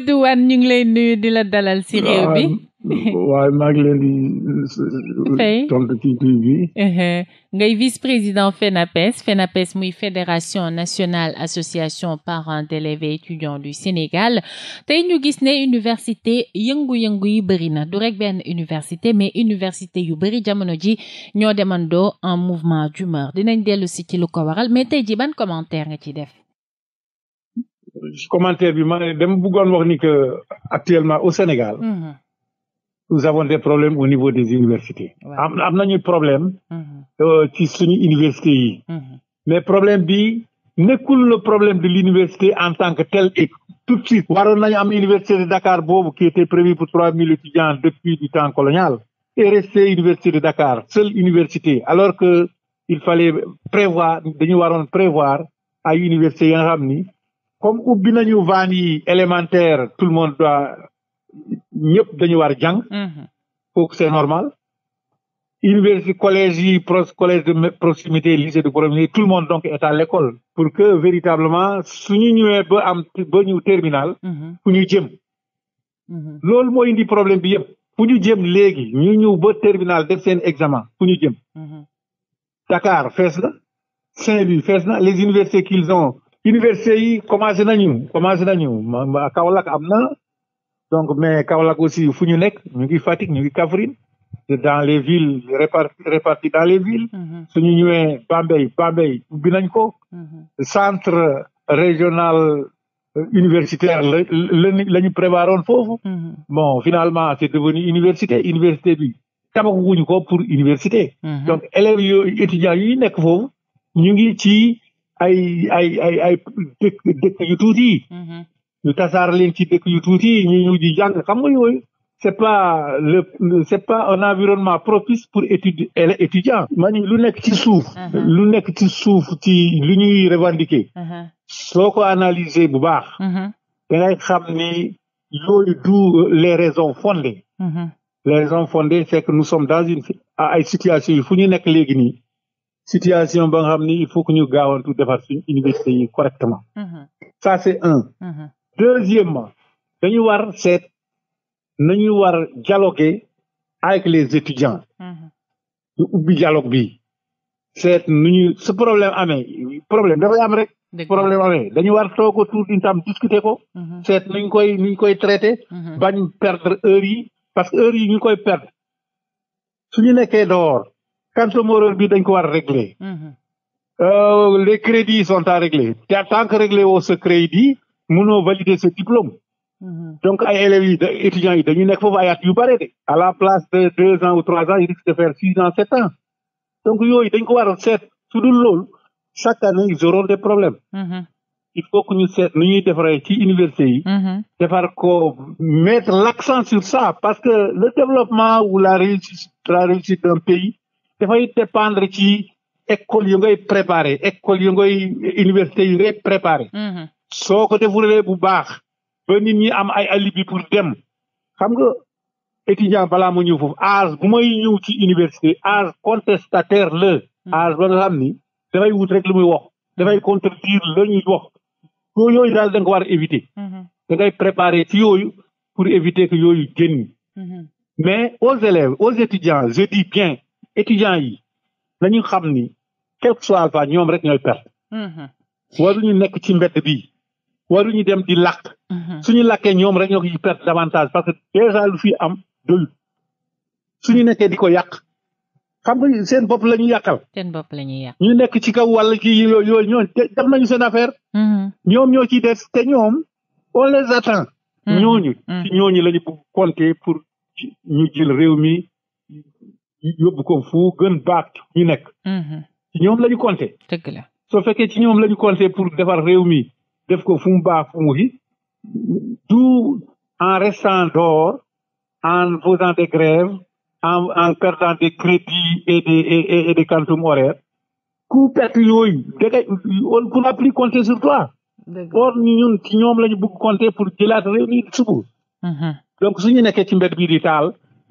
Mamadou Wane ñu ngi lay di la dalal si réew bi ah, waaye maa ngi euh, uh-huh. ngay vice-président FENAPES FENAPES muy fédération nationale association parents d'élèves et étudiants du Sénégal tey ñu gis ne université yëngu-yëngu yi bëri na du rek benn université mais université yu bëri jamono ji ñoo demandoo un mouvement d'humeur dinañ dellu si ci lu ko waral mais tey ji ban commentaire nga ci def commentaire bi ma ne dama bëggoon wax ni que actuellement au Sénégal. Mmh. nous avons des problèmes au niveau des universités. am am nañu problème. Mhm. Euh, ci suñu université yi. Mhm. mais problème bi nekkul le problème de l'université en tant que tel et tout de suite. waroon nañu am université de Dakar boobu qui était prévue pour trois mille étudiants depuis du temps colonial. et resté université de Dakar seule université alors que il fallait prévoir dañu waroon prévoir ay université yi comme ubbi nañu vannes yi élémentaire tout le monde doit ñëpp dañu war jàng mhm. kooku c'est normal université collège yi pro collège de proximité lycée de proximité tout le monde donc est à l'école pour que véritablement suñu ñëwee ba am ba ñu terminal mhm. fu ñu jëm mhm. loolu moo indi problème bi yëpp fu ñu jëm léegi ñu ñëw ba terminal def seen examen fu ñu jëm Dakar fees na Saint-Louis fees na les universités qu'ils ont université yi commencé na commencé nañu Kaolack am na donc mais Kaolack aussi fu ñu nekk ñu ngi Fatick ñu ngi Kaffrine dans les villes réparties réparties dans les villes mm-hmm. suñu ñëwee Bambey Bambey ubbi nañ ko mm-hmm. centre régional euh, universitaire la la ñu prévaroon foofu mm-hmm. bon finalement c'est devenu université université bi tabaxuñu ko pour université donc élèves yooyu étudiants yi nekk foofu ñu ngi ci ay ay ay ay dëkk dëkk yu tuuti mm-hmm. ñu tasaare leen ci dëkk yu tuuti ñu ñu di jàng xam nga yooyu c'est pas le c'est pas un environnement propice pour étude étudiant ma ni lu nekk ci suuf mm-hmm. lu nekk ci suuf ci lu ñuy revendiquer mm-hmm. soo ko analyser bu baax da ngay xam ni yooyu du les raisons fondées les raisons fondées c'est que nous sommes dans une ay situation yi fu ñu nekk léegi nii situation ba nga xam ne il faut que ñu gaawantu defar suñu université yi correctement mhm. ça c'est un mhm. dañu war seet nañu war dialoguer avec les étudiants mhm. ñu ubbi dialogue bi set nu ñu su problème amee problème dafay am rek problème amee dañu war toog autour d'une table discuter ko seet nuñ koy nuñ koy traiter bañ perdre heure yi parce que heure yi ñu koy perdre suñu nekkee dehors quantum horreur bi dañ ko war régler mhm. euh, les crédits sont à régler te tant que régler woo sa crédit mënoo valider ce diplôme mhm. donc ay élèves yi dañu nekk foofu ay at yu bare de à la place de deux ans ou trois ans ils risquent faire six ans sept ans donc yooyu dañ ko war a su dul loolu chaque année ils auront des problèmes mhm. il faut que ñu seet nu ñuy defaree ci université yi defar ko mettre l'accent sur ça parce que le développement ou la réussite d'un pays dafay dépendre ci école yu ngay préparé école yu ngay université yu ngay préparé. Mm-hmm. soo ko defulee bu baax ba nit ñi am ay alibi pour dem xam nga étudiant balaa ma ñëw foofu âge bu ñëw ci université âge contestataire la. Mm-hmm. âge ba nga xam ni dafay wut rek lu muy wax dafay contredire la ñuy wax soo yooyu daal da nga war a éviter. Mm-hmm. da ngay préparer yooyu pour éviter que yooyu génn. mais aux élèves aux étudiants je bien. étudiants yi nañu xam ni quel que soit alpha ñoom rek ñooy perte. Mm-hmm. ñu nekk ci mbedd bi waruñu dem di làkk. Mm-hmm. suñu làkkee ñoom rek ñoo ko perte davantage parce que déjà lu fi am doyul suñu nekkee di ko yàq. xam nga seen bopp la ñu yàqal. seen bopp la ñuy ñu nekk ci kaw wàll kii yooyu ñooñu dem nañu seen affaire. Mm-hmm. ñoom ñoo ciy des te ñoom on les attend. ñooñu. ci ñooñu la ñu compter pour ñu jël réew mi yóbbu ko fu gën baat ñu nekk. Mm-hmm. ci ñoom la ñu compter. dëgg soo fekkee ci ñoom la ñu compter pour defar réew mi def ko fu mu baax fu mu yi du en restant dehors en faisant des grèves en en perdant des crédits et des et, et ku perte yooyu da on on n'a plus compté sur toi. or ñun ci ñoom la ñu bëgg compter pour jëlaat réew mi subu. Mm-hmm. donc su ñu nekkee ci mbed bi di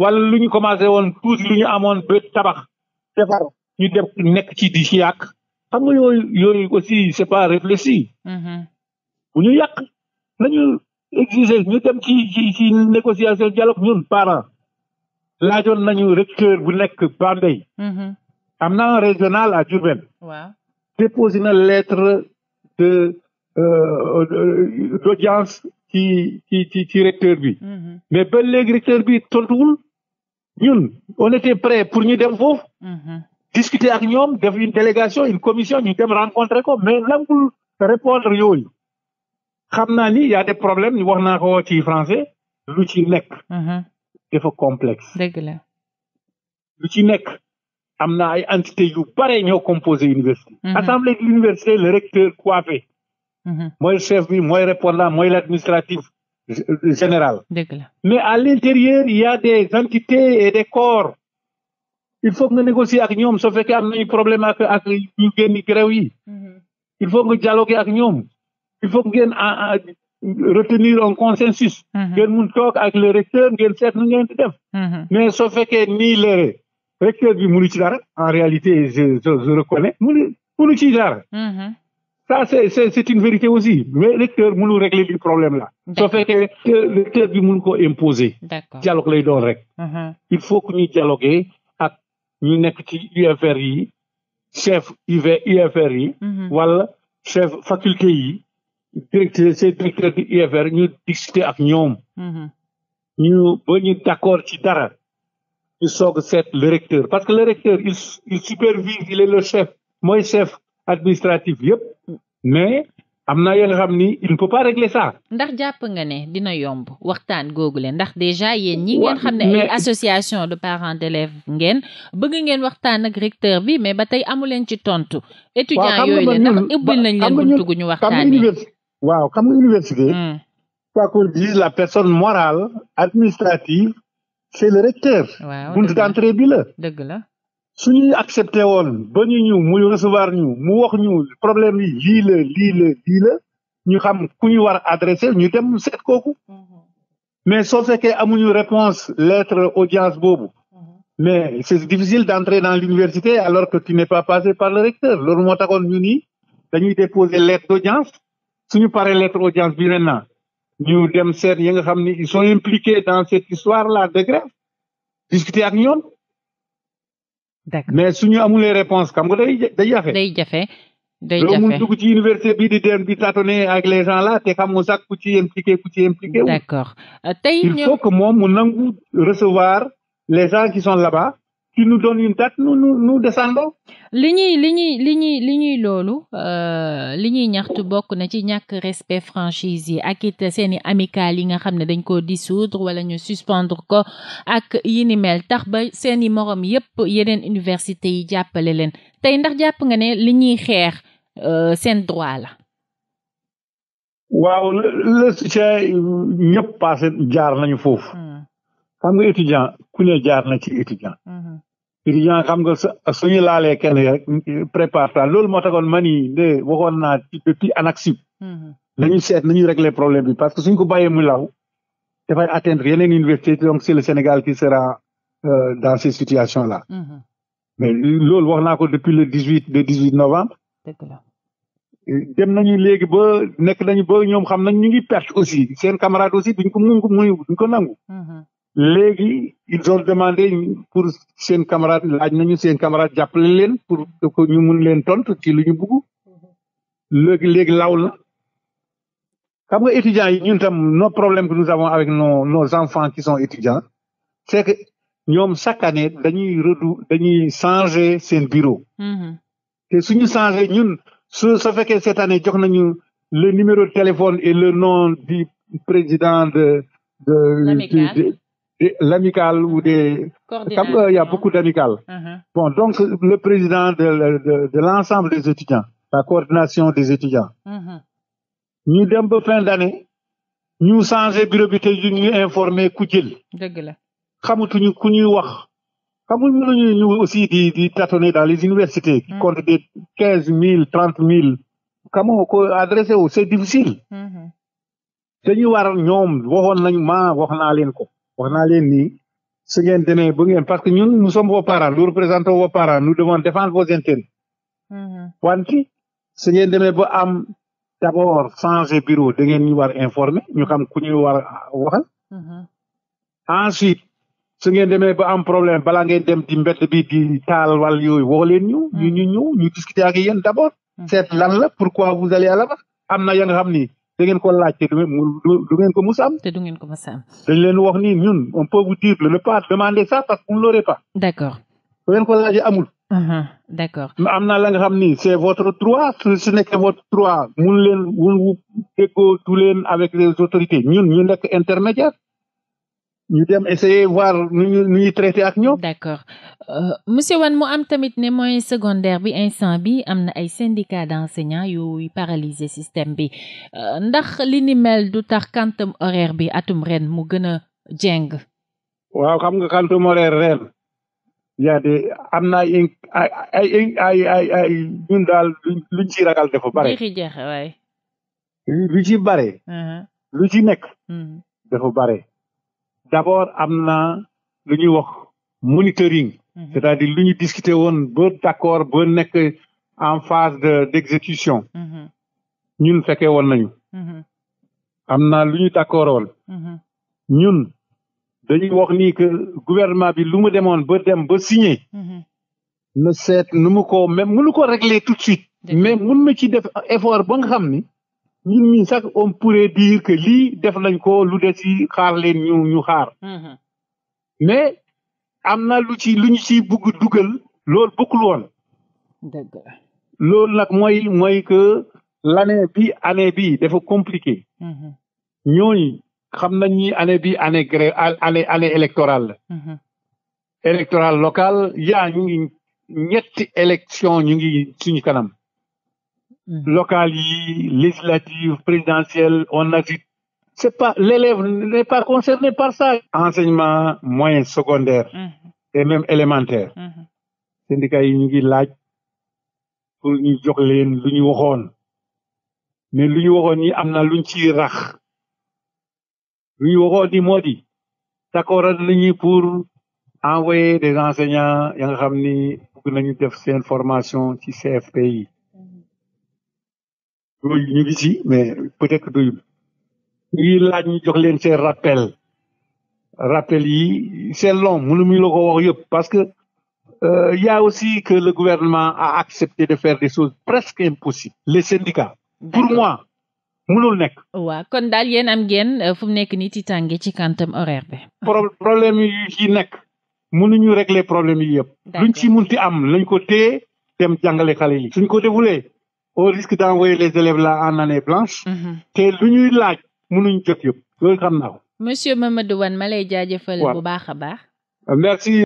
wala lu ñu commencé woon tuuti lu ñu amoon ba tabax defar ñu dem nekk ci di ci yàq xam nga yooyu yooyu aussi c'est pas réfléchi mm-hmm. bu ñu yàq nañu exiger ñu dem ci ci ci négociation dialogue ñun parents laajoon nañu recteur bu nekk Bambey mm-hmm. am na un régional à Diourbel waaw déposé na lettre de euh, euh, d'audience ci ci ci recteur bi mm-hmm. mais ba léegi recteur bi tontuwul ñun on était prêt pour ñu dem foofu. Mm-hmm. discuter ak ñoom def une délégation une commission ñu dem rencontrer ko mais langul répondre yooyu xam naa ni y a des problèmes ñu wax naa ko ci français lu ci nekk. Mm-hmm. dafa complexe. dëgg lu ci nekk am na ay entité yu bare ñoo composé université. Mm-hmm. assemblée de l'université le recteur coiffé. mooy chef bi mooy répondant mooy l'administratif générale. dëgg la mais à l'intérieur il y a des entités et des corps il faut nga négocier ak ñoom soo fekkee am nañu problème ak ak ñu génn grève mhm. il faut nga dialoguer ak ñoom il faut ngeen ah, ah, retenir un consensus. Mhm. ngeen mun toog ak le recteur ngeen seet nu ngeen di def. Mhm. mais soo fekkee nii le recteur bi munu ci dara en réalité je je reconnais munu ça c'est c'est c'est une vérité aussi mais recteur mënul régler li problème la soo fekkee recteur bi mënu ko imposé dialogue lay doon rek uh-huh. il faut que ñuy dialoguer ak ñu nekk ci UFR yi chef UV UFR yi uh-huh. wala chef faculté yi directeur ces directeurs du UFR ñu discuter ak ñoom uh-huh. ñu ba ñu d'accord ci dara ñu soog seet le recteur parce que le recteur il supervise il est le chef mooy chef administratif yëpp mais am na yoo xam ni il ne peut pas régler ça. ndax jàpp nga ne dina yomb waxtaan googu leen ndax déjà yéen ñi ngeen xam ne ay association de parents d'élèves ngeen bëgg ngeen waxtaan ak recteur bi mais ba tey amu leen ci tontu. étudiants yooyu la ndax ubbil nañ leen buntu gu ñu waxtaanee. waaw xam la université. Hmm. quoi qu'on dise la personne morale administrative c'est le recteur. waaw buntu d'entrée bi la dëgg la. su ñuy accepté woon ba ñu ñu muy recevoir ñu mu wax ñu problème yi lii la lii la lii la ñu xam ku ñu war a adressé ñu dem seet kooku mm-hmm. mais soo fekkee amuñu réponse lettre audience boobu mm-hmm. mais c'est difficile d'entrer dans l'université alors que tu n'es pas passé par le recteur loolu moo taxoon ñu nii dañuy déposer lettre d'audience suñu paree lettre audience bi na ñu dem seet yi nga xam ni ils sont impliqués dans cette histoire là de grève discuter ak ñoom d'accord mais suñu amulee réponse xam nga day day jafe. day jafe day jafe mun dugg ci université bi di dem di tâtonner ak les gens te xamoo sax ku ci impliqué ku ci impliqué. d'accord euh, tey il faut que moom mu nangu recevoir les qui sont là tu nous donnes une date nous nous li ñuy li ñuy li ñuy li loolu euh, li ñuy ñaxtu bokk na ci ñàkk respect franchise yi ak it seeni amicale yi nga xam ne dañ ko dissoudre wala ñu suspendre ko ak yi mel tax ba seeni moroom yépp yeneen université yi jàppale leen tey ndax jàpp nga ne li ñuy xeex euh, seen droit la. waaw le le ñëpp passé jaar nañu foofu. Hmm. xam nga étudiant ku ne jaar na ci étudiant. Mm-hmm. étudiant xam nga suñu laalee kenn rek prépare ta loolu moo taxoon man yi de waxoon naa ci depuis ANAQ-Sup. Mm-hmm. nañu seet nañu régler problème bi parce que suñ ko bàyyee mu law dafay atteindre yeneen université donc c'est le Sénégal qui sera euh, dans ces situations là. Mm-hmm. mais loolu wax ko depuis le dix huit le dix huit novembre. dem nañu léegi ba nekk nañu ba ñoom xam nañ ñu perte aussi seen camarade aussi duñ ko mun ko duñ ko nangu. léegi ils ont demandé pour sen camarade laaj nañu seen camarade jàppale leen pour que ñu mun leen tontu ci lu ñu bugg léegi léegi law na xam nga étudiants yi ñun tam no problèmes que nous avons avec nos nos enfants qui sont étudiants c'est que ñoom chaque année dañuy redu dañuy changer seen bureau mm-hmm. te suñu changer ñun su sa fekkee cette année nañu le numéro de téléphone et le nom du président de de l'amicale ou des. Euh, il y a beaucoup uh-huh. Bon, donc le président de, l'ensemble des étudiants, la coordination des étudiants. Uh-huh. ñu dem ba fin d'année ñu changé bureau bi te ñu ku jël. dëgg la xamatuñu ku ñuy ñu aussi di di tâtonner dans les universités. qui uh-huh. comptent des quinze mille trente mille. xamoo ko adressé wu c'est difficile. dañu war ñoom waxoon nañu ma wax wax naa leen nii su ngeen demee ba parce que ñun nous sommes vos parents nous représentons vos parents nous devons défendre mm-hmm. demee ba am d' abord changer bureau da ngeen ñu war informer ñu xam ku ñu war a waxal. Mm-hmm. su ngeen demee ba am problème balaa ngeen dem di mbet bi di taal wàll yooyu woo leen ñu. ñu mm-hmm. ñu ñëw discuter ak yéen d' seet lan la pourquoi vous allez à la am na ya xam ni. da ngeen ko laaj te du ngeen ko mus am. te du ngeen ko mus am. leen wax ni ñun on peut vous dire de ne pas demander ça parce que vous ne l'aurez pas. d'accord. da ngeen ko laajee amul. Uh-huh. d'accord. am naa la nga xam ni c'est votre droit su nekkee votre trois mu leen mun déggoo tu leen avec les autorités ñun ñu nekk intermédiaire. ñu dem essayer voir nu ñuy traité ak ñoom. d'accord euh, monsieur Wane mu am tamit ne moyen secondaire bi instant bi am na ay syndicat d'enseignants yu paralysé système bi euh, ndax li ni mel du tax quantum horaire bi atum ren mu gën a jeng. waaw xam nga quantum horaire ren yaa am na ñun daal luñ ci ragal dafa bare. lu ci bare. Uh-huh. lu ci nekk. Hmm. dafa bare. d'abord am na lu ñuy wax monitoring mhm. c'est-à-dire lu ñu discuter woon ba d'accord ba nekk en phase de d'exécution mhm. ñun fekkee woon nañu mhm. am na lu ñu d'accord woon ñun dañuy wax nii gouvernement bi lu mu demoon ba dem ba signé na seet nu mu ko même mënu ko régler tout de suite mais mën na ci effort ba nga xam ñun ñi sax on pourrait dire que lii def nañ ko lu des ci xaar leen ñu xaar mm-hmm. mais am na lu ci lu ñu bugg dugal lool bokkul woon dëgg loolu nag mooy mooy que l'année bi année bi dafa compliqué mm-hmm. ñooñ xam nañ ni année bi année gré année année électorale électoral mm-hmm. électorale locale yaa ñu ngi ñetti élection ñu ngi suñu kanam Mm-hmm. locales yi législatives présidentielles on agit c'est pas l'élève n'est pas concerné par ça enseignement moyen secondaire mm-hmm. et même élémentaire mm-hmm. syndicats yi ñu ngi laaj pour ñu jox lu ñu waxoon mais lu ñu waxoon yi am na luñ ci rax lu ñu waxoon yi moo di d'accord nañu pour envoyer des enseignants ya nga xam ni bëgg nañu def seen formation ci CFP yi yooyu ñu ngi si mais peut-être yi laaj ñu jox leen seen rappel rappel yi c'est long lu mu la ko wax yëpp parce que euh, y a aussi que le gouvernement a accepté de faire des choses presque impossibles les syndicats pour moi mënul nekk waaw kon daal yéen am ngeen euh, fu mu nekk nii ci tànge ci quantum horaire bi problème yi nekk mënuñu régler problème yi yëpp luñ ci munti am lañ ko téye dem jàngale xale yi suñ ko defulee au risque d' envoyer les élèves là en année blanche. Mm-hmm. te lu ñuy laaj mënuñ jot yëpp loolu xam naa ko. monsieur Mamadou Wane ma lay jaajëfal bu baax a baax.